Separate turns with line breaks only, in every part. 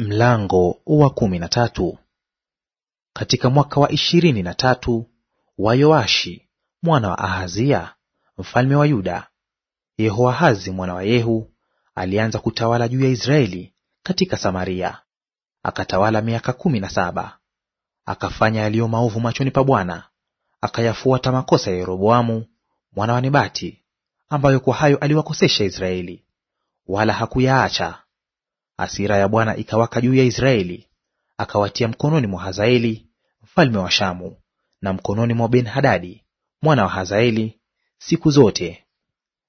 Mlango wa kumi na tatu. Katika mwaka wa ishirini na tatu wa Yoashi mwana wa Ahazia mfalme wa Yuda, Yehoahazi mwana wa Yehu alianza kutawala juu ya Israeli katika Samaria. Akatawala miaka kumi na saba. Akafanya yaliyo maovu machoni pa Bwana, akayafuata makosa ya Yeroboamu mwana wa Nebati, ambayo kwa hayo aliwakosesha Israeli, wala hakuyaacha asira ya Bwana ikawaka juu ya Israeli, akawatia mkononi mwa Hazaeli mfalme wa Shamu na mkononi mwa Ben-Hadadi mwana wa Hazaeli siku zote.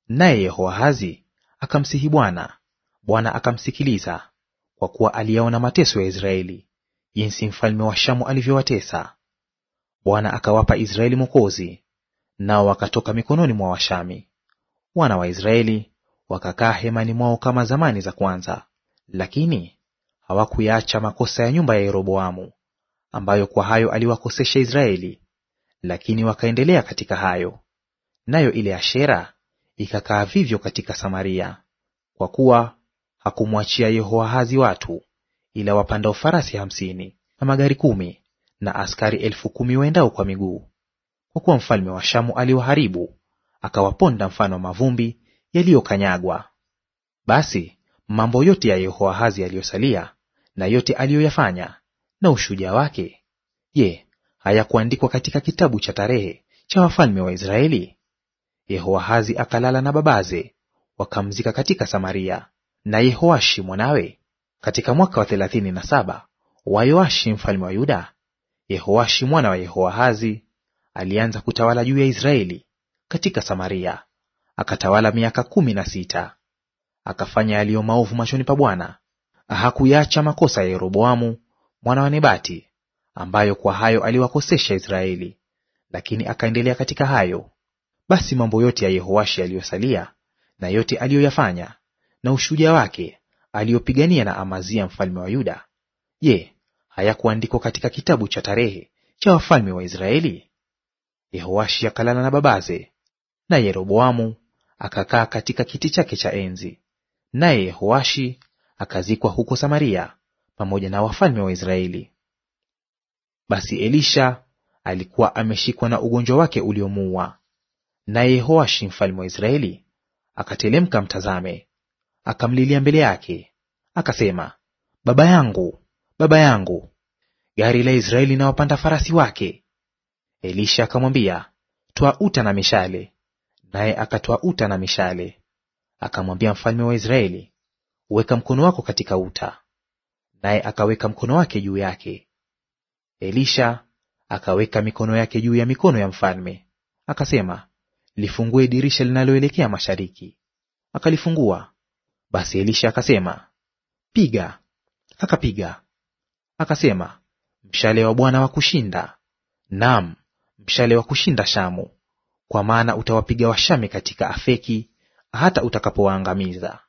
Naye Yehoahazi akamsihi Bwana, Bwana akamsikiliza, kwa kuwa aliyaona mateso ya Israeli, jinsi mfalme wa Shamu alivyowatesa. Bwana akawapa Israeli mwokozi, nao wakatoka mikononi mwa Washami. Wana wa Israeli wakakaa hemani mwao kama zamani za kwanza. Lakini hawakuyaacha makosa ya nyumba ya Yeroboamu, ambayo kwa hayo aliwakosesha Israeli, lakini wakaendelea katika hayo. Nayo ile Ashera ikakaa vivyo katika Samaria, kwa kuwa hakumwachia Yehoahazi watu ila wapandao farasi hamsini na magari kumi na askari elfu kumi waendao kwa miguu, kwa kuwa mfalme wa Shamu aliwaharibu akawaponda mfano wa mavumbi yaliyokanyagwa. Basi Mambo yote ya Yehoahazi aliyosalia na yote aliyoyafanya na ushujaa wake, je, hayakuandikwa katika kitabu cha tarehe cha wafalme wa Israeli? Yehoahazi akalala na babaze, wakamzika katika Samaria. Na Yehoashi mwanawe katika mwaka wa thelathini na saba wa Yoashi mfalme wa Yuda, Yehoashi mwana wa Yehoahazi alianza kutawala juu ya Israeli katika Samaria, akatawala miaka kumi na sita akafanya yaliyo maovu machoni pa Bwana. Hakuyacha makosa ya Yeroboamu mwana wa Nebati, ambayo kwa hayo aliwakosesha Israeli, lakini akaendelea katika hayo. Basi mambo yote ya Yehoashi yaliyosalia na yote aliyoyafanya na ushujaa wake aliyopigania na Amazia mfalme wa Yuda, je, hayakuandikwa katika kitabu cha tarehe cha wafalme wa Israeli? Yehoashi akalala na babaze, na Yeroboamu akakaa katika kiti chake cha enzi. Naye Yehoashi akazikwa huko Samaria pamoja na wafalme wa Israeli. Basi Elisha alikuwa ameshikwa na ugonjwa wake uliomuua, naye Yehoashi mfalme wa Israeli akatelemka mtazame, akamlilia mbele yake, akasema, baba yangu, baba yangu, gari la Israeli na wapanda farasi wake. Elisha akamwambia, twaa uta na mishale, naye akatwaa uta na mishale akamwambia mfalme wa Israeli, weka mkono wako katika uta, naye akaweka mkono wake juu yake. Elisha akaweka mikono yake juu ya mikono ya mfalme, akasema, lifungue dirisha linaloelekea mashariki. Akalifungua. Basi Elisha akasema, piga. Akapiga. Akasema, mshale wa Bwana wa kushinda, naam, mshale wa kushinda Shamu, kwa maana utawapiga Washami katika Afeki hata utakapowaangamiza.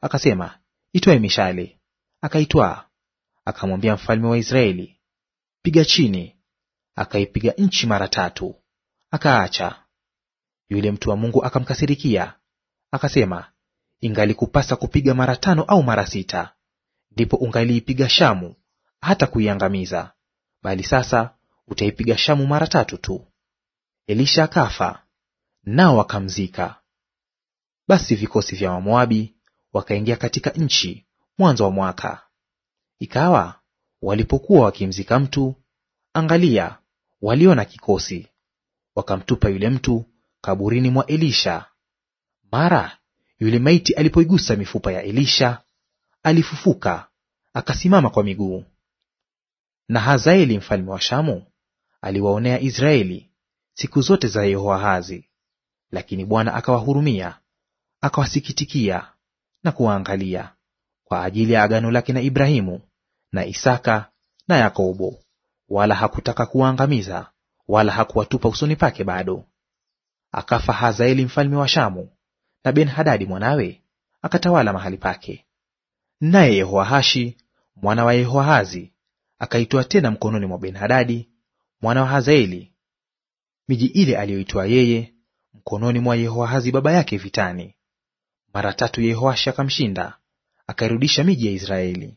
Akasema, itoe mishale. Akaitwaa, akamwambia mfalme wa Israeli, piga chini. Akaipiga nchi mara tatu, akaacha. Yule mtu wa Mungu akamkasirikia, akasema, ingalikupasa kupiga mara tano au mara sita, ndipo ungaliipiga Shamu hata kuiangamiza; bali sasa utaipiga Shamu mara tatu tu. Elisha akafa, nao akamzika. Basi vikosi vya Wamoabi wakaingia katika nchi mwanzo wa mwaka. Ikawa walipokuwa wakimzika mtu, angalia, waliona kikosi, wakamtupa yule mtu kaburini mwa Elisha. Mara yule maiti alipoigusa mifupa ya Elisha, alifufuka akasimama kwa miguu. Na Hazaeli mfalme wa Shamu aliwaonea Israeli siku zote za Yehoahazi, lakini Bwana akawahurumia akawasikitikia na kuwaangalia kwa ajili ya agano lake na Ibrahimu na Isaka na Yakobo, wala hakutaka kuwaangamiza wala hakuwatupa usoni pake bado. Akafa Hazaeli mfalme wa Shamu, na Ben-Hadadi mwanawe akatawala mahali pake. Naye Yehoahashi mwana wa Yehoahazi akaitoa tena mkononi mwa Ben-Hadadi mwana wa Hazaeli miji ile aliyoitoa yeye mkononi mwa Yehoahazi baba yake vitani, mara tatu Yehoashi akamshinda, akairudisha miji ya Israeli.